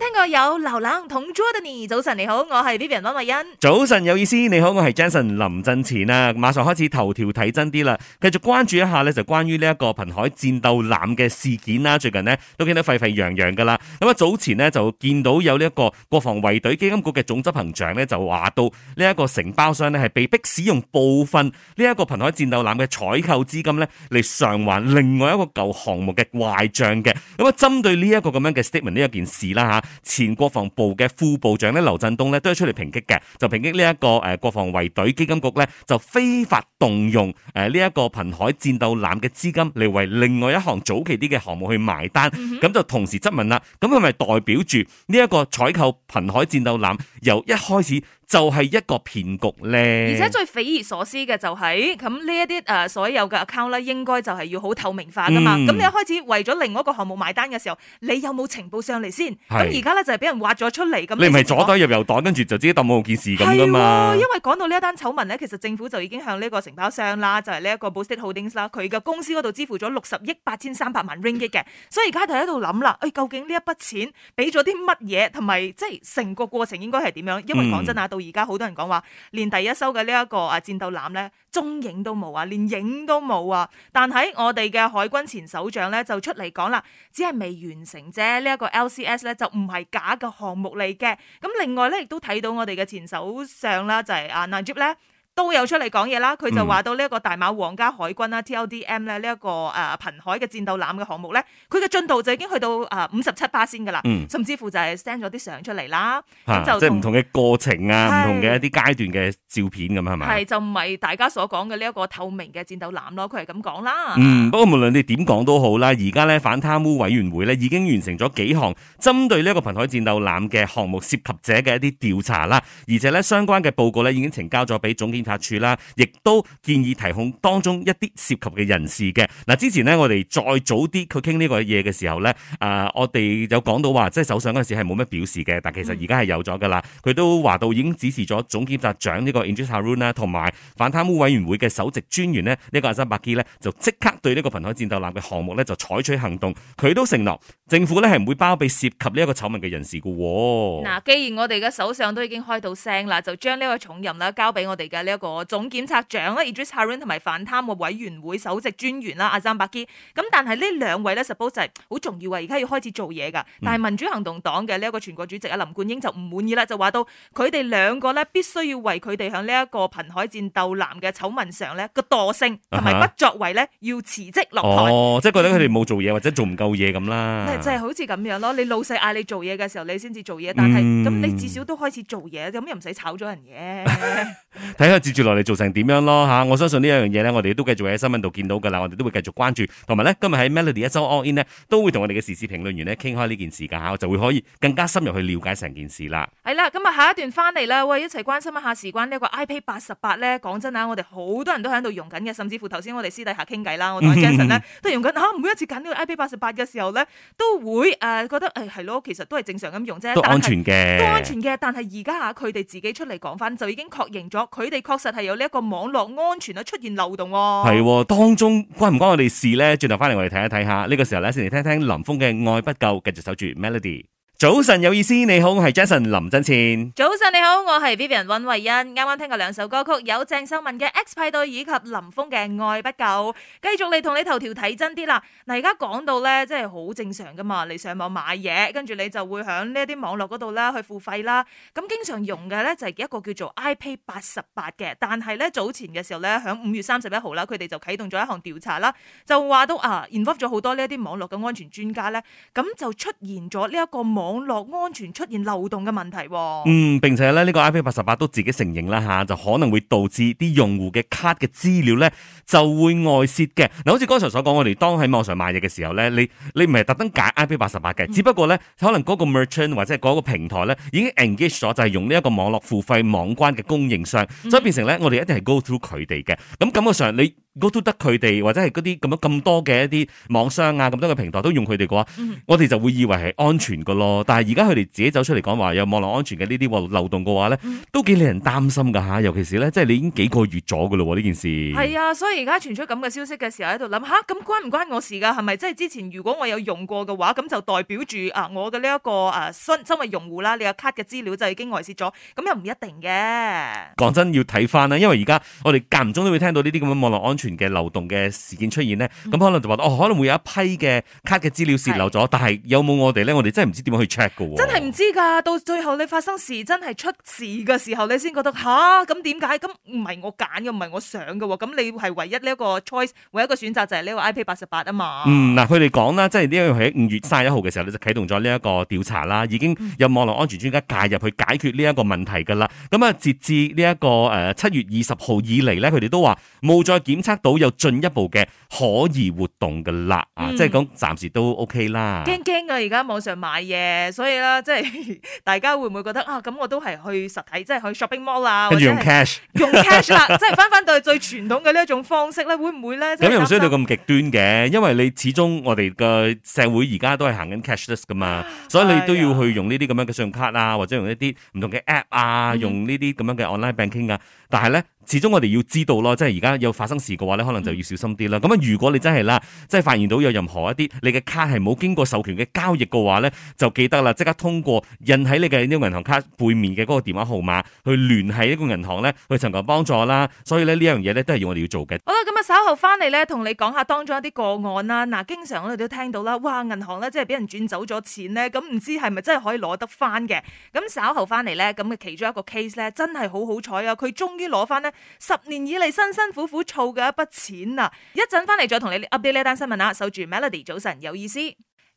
聽過有劉冷同 Jordan，早晨你好，我係 Vivian 溫慧欣。早晨有意思，你好，我係 Jason。臨陣前啊，馬上開始頭條睇真啲啦。繼續關注一下呢，就關於呢一個瀕海戰鬥艦嘅事件啦。最近呢，都見得沸沸揚揚噶啦。咁啊，早前呢，就見到有呢一個國防衛隊基金局嘅總執行長呢，就話到呢一個承包商呢，係被逼使用部分呢一個瀕海戰鬥艦嘅採購資金呢，嚟償還另外一個舊項目嘅壞賬嘅。咁啊，針對呢一個咁樣嘅 statement 呢一件事啦吓。前國防部嘅副部長咧，劉振東咧都係出嚟抨擊嘅，就抨擊呢一個誒國防衛隊基金局咧就非法動用誒呢一個瀕海戰鬥艦嘅資金嚟為另外一項早期啲嘅項目去埋單，咁就同時質問啦，咁係咪代表住呢一個採購瀕海戰鬥艦由一開始？就係、是、一個騙局咧，而且最匪夷所思嘅就係咁呢一啲，誒所有嘅 account 咧，應該就係要好透明化噶嘛。咁、嗯、你一開始為咗另外一個項目買單嘅時候，你有冇情報上嚟先？咁而家咧就係俾人挖咗出嚟咁。你唔係左袋入右袋，跟住就只當冇件事咁噶嘛、哦？因為講到呢一單醜聞咧，其實政府就已經向呢個承包商啦，就係呢一個 Boost Holdings 啦，佢嘅公司嗰度支付咗六十億八千三百萬 Ringgit 嘅，所以而家就喺度諗啦，究竟呢一筆錢俾咗啲乜嘢，同埋即係成個過程應該係點樣？因為講真啊。嗯到而家好多人講話，連第一艘嘅呢一個啊戰鬥艦咧，蹤影都冇啊，連影都冇啊。但喺我哋嘅海軍前首長咧就出嚟講啦，只係未完成啫，呢、這、一個 LCS 咧就唔係假嘅項目嚟嘅。咁另外咧亦都睇到我哋嘅前首相啦就啊、是，Najib 咧。都有出嚟講嘢啦，佢就話到呢一個大馬皇家海軍啦，TLDM 咧呢一個誒瀕海嘅戰鬥艦嘅項目咧，佢嘅進度就已經去到誒五十七趴先噶啦，甚至乎就係 send 咗啲相出嚟啦，啊、就即係唔同嘅過程啊，唔同嘅一啲階段嘅照片咁係咪？係就唔係大家所講嘅呢一個透明嘅戰鬥艦咯，佢係咁講啦，嗯，不過無論你點講都好啦，而家咧反貪污委員會咧已經完成咗幾項針對呢一個瀕海戰鬥艦嘅項目涉及者嘅一啲調查啦，而且咧相關嘅報告咧已經呈交咗俾總檢。警察處啦，亦都建議提控當中一啲涉及嘅人士嘅。嗱，之前呢，我哋再早啲佢傾呢個嘢嘅時候呢，誒，我哋有講到話，即係首相嗰陣時係冇乜表示嘅，但其實而家係有咗噶啦。佢都話到已經指示咗總檢察長呢個 Andrew Haroon 同埋反貪污委員會嘅首席專員呢，呢、這個阿沙伯基呢，就即刻對呢個濱海戰鬥艦嘅項目呢，就採取行動。佢都承諾政府呢，係唔會包庇涉及呢一個醜聞嘅人士嘅。嗱，既然我哋嘅首相都已經開到聲啦，就將呢個重任啦交俾我哋嘅呢。一個總檢察長啦 Idris Harun 同埋反貪委員會首席專員啦，阿 Azam Baki。咁但係呢兩位咧，suppose 係好重要啊，而家要開始做嘢噶。但係民主行動黨嘅呢一個全國主席啊，林冠英就唔滿意啦，就話到佢哋兩個咧必須要為佢哋響呢一個瀕海戰鬥艦嘅醜聞上咧個惰性，同埋不作為咧要辭職落台。哦、uh-huh. oh,，即係覺得佢哋冇做嘢或者做唔夠嘢咁啦。就係、是、好似咁樣咯，你老細嗌你做嘢嘅時候，你先至做嘢。但係咁、um... 你至少都開始做嘢，咁又唔使炒咗人嘅。 睇下接住落嚟做成點樣咯吓，我相信呢一樣嘢呢，我哋都繼續喺新聞度見到噶啦，我哋都會繼續關注，同埋呢今日喺 Melody 一周 all in 呢，都會同我哋嘅時事評論員呢傾開呢件事噶吓，我就會可以更加深入去了解成件事啦。係啦，咁啊下一段翻嚟，啦，喂，一齊關心一下事關呢個 IP 八十八咧。講真呀，我哋好多人都喺度用緊嘅，甚至乎頭先我哋私底下傾偈啦，我同 Jason 咧 都用緊、啊、每一次揀呢個 IP 八十八嘅時候咧，都會誒、呃、覺得誒係咯，其實都係正常咁用啫，都安全嘅，都安全嘅，但係而家吓佢哋自己出嚟講翻，就已經確認咗佢哋確實係有呢一個網絡安全啊出現漏洞，啊，係當中關唔關我哋事咧？轉頭翻嚟我哋睇一睇下呢個時候咧，先嚟聽聽林峰嘅愛不夠，繼續守住 Melody。早晨有意思，你好，我係 Jason 林振倩。早晨你好，我係 Vivian 溫慧欣。啱啱聽過兩首歌曲，有鄭秀文嘅《X 派對》以及林峰嘅《愛不夠》。繼續嚟，同你頭條睇真啲啦。嗱，而家講到咧，即係好正常噶嘛。你上網買嘢，跟住你就會響呢一啲網絡嗰度啦去付費啦。咁經常用嘅咧就係一個叫做 IP 八十八嘅。但係咧早前嘅時候咧，響五月三十一號啦，佢哋就啟動咗一項調查啦，就話都啊，involve 咗好多呢一啲網絡嘅安全專家咧，咁就出現咗呢一個網。網絡安全出現漏洞嘅問題。哦，嗯，並且咧呢個 IP 八十八都自己承認啦吓，就可能會導致啲用戶嘅卡嘅資料咧就會外泄嘅。嗱，好似剛才所講，我哋當喺網上買嘢嘅時候咧，你你唔係特登揀 IP 八十八嘅，只不過咧可能嗰個 merchant 或者係個平台咧已經 engage 咗，就係用呢一個網絡付費網關嘅供應商，嗯，所以變成咧我哋一定係 go through 佢哋嘅。咁感覺上你 go through 得佢哋或者係啲咁樣咁多嘅一啲網商啊，咁多嘅平台都用佢哋嘅話，我哋就會以為係安全嘅咯。但係而家佢哋自己走出嚟講話，有網絡安全嘅呢啲漏洞嘅話呢，都幾令人擔心㗎嚇。尤其是呢，即係你已經幾個月咗嘅咯呢件事。係啊，所以而家傳出咁嘅消息嘅時候，喺度諗下咁關唔關我事㗎？係咪即係之前如果我有用過嘅話，咁就代表住、呢個、啊我嘅呢一個啊身身為用戶啦，你個卡嘅資料就已經外泄咗，咁又唔一定嘅。講真，要睇翻啦，因為而家我哋間唔中都會聽到呢啲咁嘅網絡安全嘅漏洞嘅事件出現呢。咁、嗯、可能就話哦，可能會有一批嘅卡嘅資料洩漏咗，但係有冇我哋咧？我哋真係唔知點去。真係唔知噶，到最後你發生事真係出事嘅時候，你先覺得吓，咁點解？咁唔係我揀嘅，唔係我想嘅喎。咁你係唯一呢一個 choice，唯一一個選擇就係呢個 I P 八十八啊嘛。嗯，嗱，佢哋講啦，即係呢個喺五月卅一號嘅時候，咧就啟動咗呢一個調查啦，已經有網絡安全專家介入去解決呢一個問題噶啦。咁啊，截至呢一個誒七月二十號以嚟咧，佢哋都話冇再檢測到有進一步嘅可疑活動噶啦，啊、嗯，即係講暫時都 OK 啦。驚驚啊！而家網上買嘢。誒，所以啦，即係大家會唔會覺得啊？咁我都係去實體，即係去 shopping mall 啦，或者用 cash，用 cash 啦， 即係翻翻到去最傳統嘅呢一種方式咧，會唔會咧？咁又唔需要到咁極端嘅，因為你始終我哋嘅社會而家都係行緊 cashless 噶嘛，所以你都要去用呢啲咁樣嘅信用卡啊，或者用一啲唔同嘅 app 啊，用呢啲咁樣嘅 online banking 啊。但係咧，始終我哋要知道咯，即係而家有發生事嘅話咧，可能就要小心啲啦。咁啊，如果你真係啦，即係發現到有任何一啲你嘅卡係冇經過授權嘅交易嘅話咧，就記得啦，即刻通過印喺你嘅呢個銀行卡背面嘅嗰個電話號碼去聯繫一個銀行咧，去尋求幫助啦。所以呢，呢樣嘢咧都係要我哋要做嘅。好啦，咁啊稍後翻嚟咧，同你講下當中一啲個案啦。嗱，經常我哋都聽到啦，哇，銀行咧即係俾人轉走咗錢咧，咁唔知係咪真係可以攞得翻嘅？咁稍後翻嚟咧，咁嘅其中一個 case 咧，真係好好彩啊！佢終於～攞翻咧十年以嚟辛辛苦苦儲嘅一筆錢啊，一陣翻嚟再同你 update 呢一單新聞啊。守住 Melody 早晨，有意思。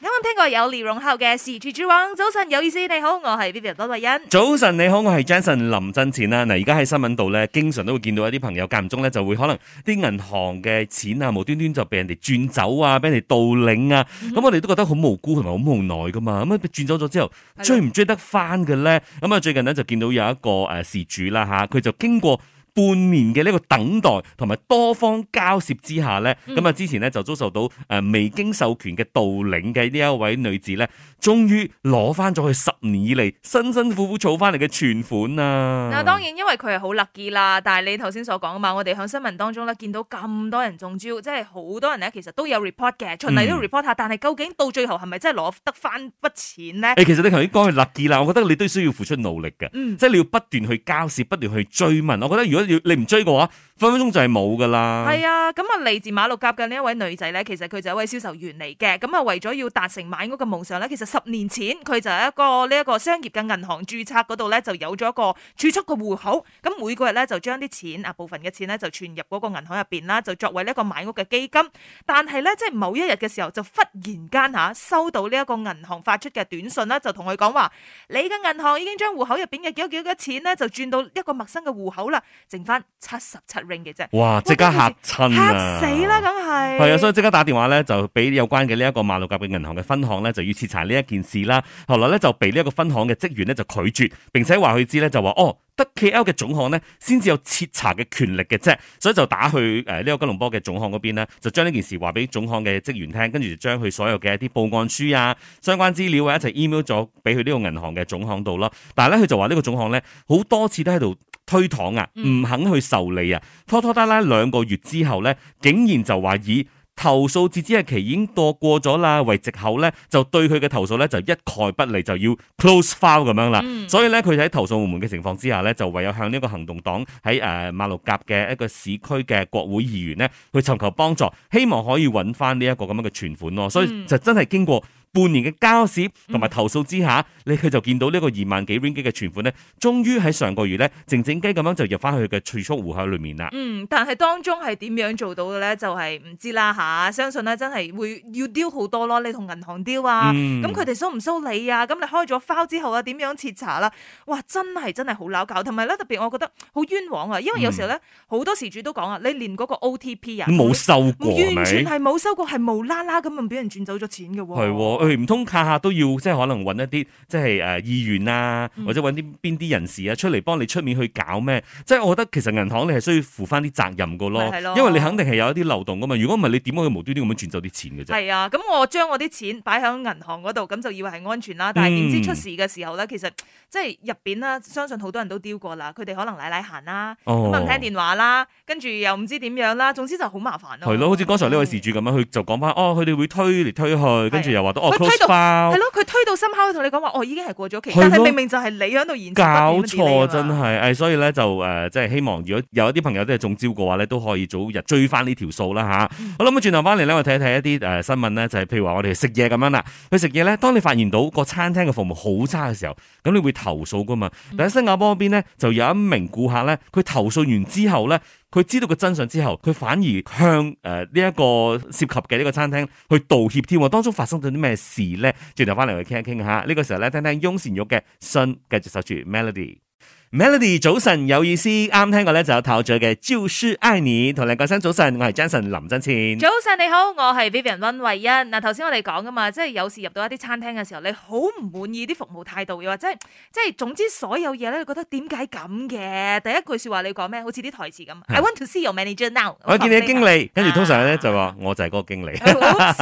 啱啱聽過有李榮后嘅事主之王，早晨有意思，你好，我係 Vivian 多慧欣。早晨你好，我係 Jensen 林振錢啦。嗱，而家喺新聞度咧，經常都會見到一啲朋友間唔中咧，就會可能啲銀行嘅錢啊，無端端就俾人哋轉走啊，俾人哋盜領啊，咁、mm-hmm. 我哋都覺得好無辜同埋好無奈噶嘛。咁啊，轉走咗之後追唔追得翻嘅咧？咁啊，最近呢，就見到有一個誒事主啦吓，佢就經過。半年嘅呢個等待同埋多方交涉之下呢，咁、嗯、啊之前呢就遭受到誒未經授權嘅盜領嘅呢一位女子呢，終於攞翻咗佢十年以嚟辛辛苦苦儲翻嚟嘅存款啊！嗱、嗯，當然因為佢係好 lucky 啦，但係你頭先所講啊嘛，我哋喺新聞當中呢，見到咁多人中招，即係好多人呢，其實都有 report 嘅，循例都 report 下，但係究竟到最後係咪真係攞得翻筆錢呢、欸？其實你頭先講係 lucky 啦，我覺得你都需要付出努力嘅、嗯，即係你要不斷去交涉，不斷去追問。我覺得如果你唔追嘅話，分分鐘就係冇噶啦。係啊，咁啊嚟自馬六甲嘅呢一位女仔呢，其實佢就係一位銷售員嚟嘅。咁啊，為咗要達成買屋嘅夢想呢，其實十年前佢就喺一個呢一個商業嘅銀行注冊嗰度呢，就有咗個儲蓄嘅戶口。咁每個月呢，就將啲錢啊部分嘅錢呢，就存入嗰個銀行入邊啦，就作為呢一個買屋嘅基金。但係呢，即係某一日嘅時候，就忽然間吓收到呢一個銀行發出嘅短信啦，就同佢講話：你嘅銀行已經將戶口入邊嘅幾多幾多嘅錢呢，就轉到一個陌生嘅戶口啦。剩翻七十七 ring 嘅啫，哇！即刻嚇親啊，死啦！梗係係啊，所以即刻打電話咧，就俾有關嘅呢一個馬路甲嘅銀行嘅分行咧，就要撤查呢一件事啦。後來咧就被呢一個分行嘅職員咧就拒絕，並且話佢知咧就話哦，得 KL 嘅總行咧先至有撤查嘅權力嘅啫。所以就打去誒呢、呃這個吉隆坡嘅總行嗰邊咧，就將呢件事話俾總行嘅職員聽，跟住就將佢所有嘅一啲報案書啊、相關資料啊一齊 email 咗俾佢呢個銀行嘅總行度啦。但係咧佢就話呢個總行咧好多次都喺度。推搪啊，唔肯去受理啊、嗯，拖拖拉拉兩個月之後呢，竟然就話以投訴截止日期已經度過咗啦為藉口呢，就對佢嘅投訴呢，就一概不理，就要 close file 咁樣啦、嗯。所以呢，佢喺投訴無門嘅情況之下呢，就唯有向呢一個行動黨喺誒馬六甲嘅一個市區嘅國會議員呢，去尋求幫助，希望可以揾翻呢一個咁樣嘅存款咯、啊。所以就真係經過半年嘅交涉同埋投訴之下，嗯、你佢就見到呢個二萬幾 r i n g 嘅存款呢，終於喺上個月呢，靜靜雞咁樣就入翻去佢嘅儲蓄戶口裏面啦。嗯，但係當中係點樣做到嘅呢？就係、是、唔知啦吓，相信呢真係會要丟好多咯。你同銀行丟啊，咁佢哋收唔收你啊？咁你開咗 file 之後啊，點樣徹查啦、啊？哇！真係真係好鬧交，同埋呢特別，我覺得好冤枉啊。因為有時候呢，好、嗯、多事主都講啊，你連嗰個 OTP 啊冇收過，完全係冇收過，係無啦啦咁就俾人轉走咗錢嘅喎。佢唔通下下都要即係可能揾一啲即係誒議員啊，或者揾啲邊啲人士啊出嚟幫你出面去搞咩？即係我覺得其實銀行你係需要負翻啲責任噶、就是、咯，因為你肯定係有一啲漏洞噶嘛。如果唔係你點可以無端端咁樣轉走啲錢嘅啫？係啊，咁我將我啲錢擺喺銀行嗰度，咁就以為係安全啦。但係點知道出事嘅時候咧，其實即係入邊啦，相信好多人都丟過啦。佢哋可能奶奶閒啦，咁、哦、唔聽電話啦，跟住又唔知點樣啦。總之就好麻煩、啊、咯。係咯，好似剛才呢位事主咁樣，佢就講翻哦，佢哋會推嚟推去，跟住又話推到係咯，佢推到心口去同你講話，哦，已經係過咗期。但係明明就係你喺度演搞錯，真係，誒，所以咧就誒，即、呃、係希望如果有一啲朋友都係中招嘅話咧，都可以早日追翻呢條數啦，吓、啊嗯。好啦，咁轉頭翻嚟咧，我睇一睇一啲誒新聞咧，就係、是、譬如話我哋食嘢咁樣啦，去食嘢咧，當你發現到個餐廳嘅服務好差嘅時候，咁你會投訴噶嘛？但喺新加坡嗰邊咧，就有一名顧客咧，佢投訴完之後咧。佢知道個真相之後，佢反而向誒呢一個涉及嘅呢個餐廳去道歉添。當中發生咗啲咩事咧？轉頭翻嚟去傾一傾吓，呢、這個時候咧，聽聽翁善玉嘅信，繼續守住 melody。Melody 早晨有意思，啱聽過咧就有陶喆嘅《就是愛你》同個聲。同你講聲早晨，我係 Jason 林真前。早晨你好，我係 Vivian 溫慧欣。嗱頭先我哋講噶嘛，即係有時入到一啲餐廳嘅時候，你好唔滿意啲服務態度，又或者即係總之所有嘢咧，你覺得點解咁嘅？第一句話說話你講咩？好似啲台詞咁。I want to see your manager now。我見你嘅經理，跟、啊、住通常咧就話我就係嗰個經理。係啦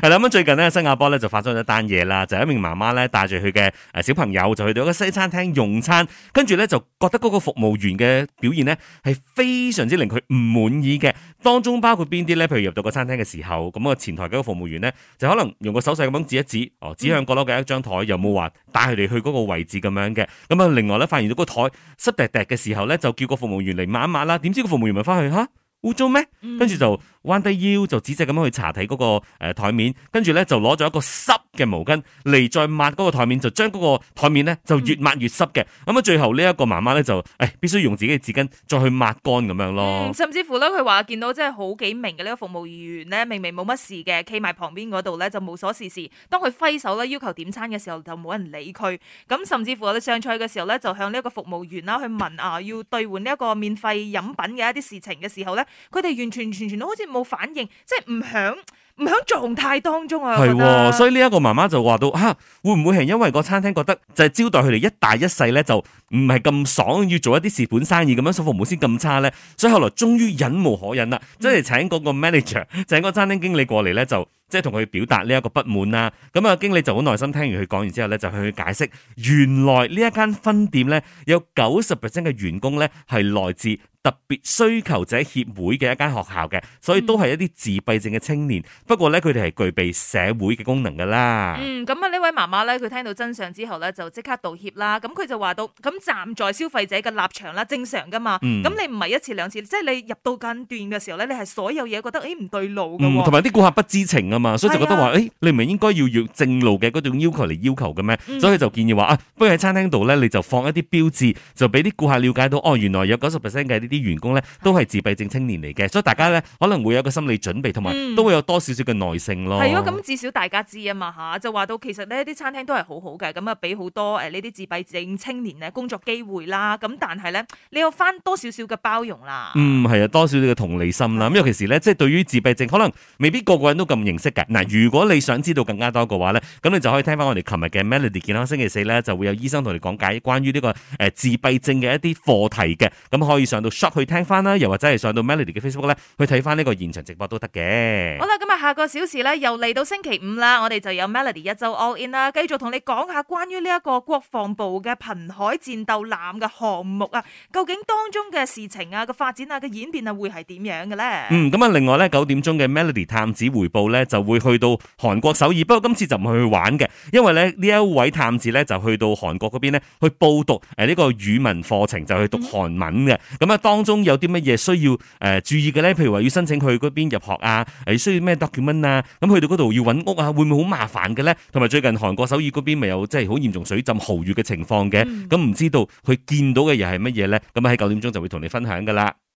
咁，最近呢，新加坡咧就發生咗單嘢啦，就一名媽媽咧帶住佢嘅誒小朋友就去到一個西餐廳用餐，跟住。咧就覺得嗰個服務員嘅表現呢係非常之令佢唔滿意嘅，當中包括邊啲呢？譬如入到個餐廳嘅時候，咁個前台嗰個服務員呢，就可能用個手勢咁樣指一指，哦，指向角落嘅一張台，又冇話帶佢哋去嗰個位置咁樣嘅。咁啊，另外呢，發現到個台濕揼揼嘅時候呢，就叫個服務員嚟抹一抹啦。點知個服務員咪翻去吓？污糟咩？跟、嗯、住就彎低腰，就仔細咁樣去查睇嗰個誒台面。跟住咧就攞咗一個濕嘅毛巾嚟再抹嗰個台面，就將嗰個台面咧就越抹越濕嘅。咁、嗯、啊，最後呢一個媽媽咧就誒必須用自己嘅紙巾再去抹乾咁樣咯、嗯。甚至乎咧，佢話見到真係好幾名嘅呢個服務員咧，明明冇乜事嘅，企埋旁邊嗰度咧就無所事事。當佢揮手咧要求點餐嘅時候，就冇人理佢。咁甚至乎我哋上菜嘅時候咧，就向呢一個服務員啦去問啊，要兌換呢一個免費飲品嘅一啲事情嘅時候咧。佢哋完全完全全都好似冇反應，即係唔響。唔喺狀態當中啊，係，所以呢一個媽媽就話到，吓、啊、會唔會係因為個餐廳覺得就係招待佢哋一大一細咧，就唔係咁爽，要做一啲蝕本生意咁樣，所服務先咁差呢？」所以後來終於忍無可忍啦，即係請嗰個 manager、嗯、請個餐廳經理過嚟呢，就即係同佢表達呢一個不滿啦。咁啊，經理就好耐心聽完佢講完之後呢，就向佢解釋，原來呢一間分店呢，有九十 percent 嘅員工呢，係來自特別需求者協會嘅一間學校嘅，所以都係一啲自閉症嘅青年。不過咧，佢哋係具備社會嘅功能噶啦。嗯，咁啊，呢位媽媽咧，佢聽到真相之後咧，就即刻道歉啦。咁佢就話到，咁站在消費者嘅立場啦，正常噶嘛。嗯。咁你唔係一次兩次，即係你入到間店嘅時候咧，你係所有嘢覺得誒唔對路噶。嗯。同埋啲顧客不知情啊嘛，所以就覺得話，誒，你唔係應該要要正路嘅嗰種要求嚟要求嘅咩？嗯。所以就建議話啊，不如喺餐廳度咧，你就放一啲標誌，就俾啲顧客了解到，哦，原來有九十 percent 嘅呢啲員工咧，都係自閉症青年嚟嘅，所以大家咧可能會有個心理準備，同埋都會有多少。少少嘅耐性咯，係咯，咁至少大家知啊嘛吓，就話到其實呢啲餐廳都係好好嘅，咁啊，俾好多誒呢啲自閉症青年嘅工作機會啦。咁但係咧，你有翻多少少嘅包容啦？嗯，係啊，多少少嘅同理心啦。咁尤其是咧，即係對於自閉症，可能未必個個人都咁認識嘅。嗱，如果你想知道更加多嘅話咧，咁你就可以聽翻我哋琴日嘅 Melody 健康星期四咧，就會有醫生同你講解關於呢個誒自閉症嘅一啲課題嘅。咁可以上到 Shop 去聽翻啦，又或者係上到 Melody 嘅 Facebook 咧，去睇翻呢個現場直播都得嘅。好啦，今日。下個小時咧又嚟到星期五啦，我哋就有 Melody 一週 all in 啦，繼續同你講下關於呢一個國防部嘅瀕海戰鬥艦嘅項目啊，究竟當中嘅事情啊個發展啊嘅演變啊會係點樣嘅咧？嗯，咁啊，另外咧九點鐘嘅 Melody 探子回報咧就會去到韓國首爾，不過今次就唔去玩嘅，因為咧呢一位探子咧就去到韓國嗰邊咧去報讀誒呢個語文課程，就去讀韓文嘅。咁、嗯、啊，當中有啲乜嘢需要誒注意嘅咧？譬如話要申請去嗰邊入學啊，誒需要咩得？叫咁去到嗰度要揾屋啊，會唔會好麻煩嘅呢？同埋最近韓國首爾嗰邊咪有即係好嚴重水浸豪雨嘅情況嘅，咁唔知道佢見到嘅嘢係乜嘢呢？咁喺九點鐘就會同你分享㗎喇。